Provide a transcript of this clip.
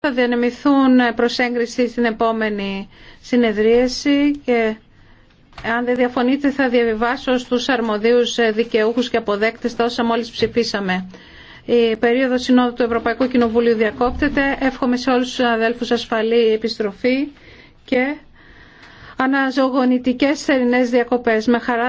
θα διανεμηθούν προς έγκριση στην επόμενη συνεδρίαση και αν δεν διαφωνείτε θα διαβιβάσω στους αρμοδίους δικαιούχους και αποδέκτες τα όσα μόλις ψηφίσαμε. Η περίοδο συνόδου του Ευρωπαϊκού Κοινοβουλίου διακόπτεται. Εύχομαι σε όλους τους αδέλφους ασφαλή επιστροφή και αναζωογονητικές θερινές διακοπές. Με